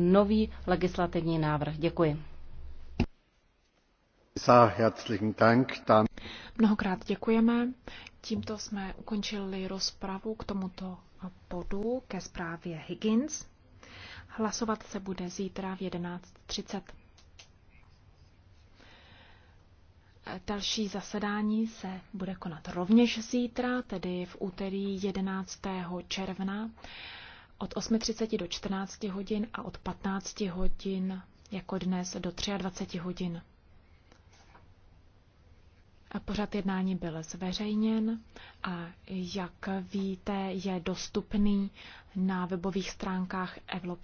nový legislativní návrh. Děkuji. Mnohokrát děkujeme. Tímto jsme ukončili rozpravu k tomuto bodu ke zprávě Higgins. Hlasovat se bude zítra v 11.30. Další zasedání se bude konat rovněž zítra, tedy v úterý 11. června od 8.30 do 14 hodin a od 15 hodin jako dnes do 23 hodin. A pořad jednání byl zveřejněn a jak víte, je dostupný na webových stránkách Evropské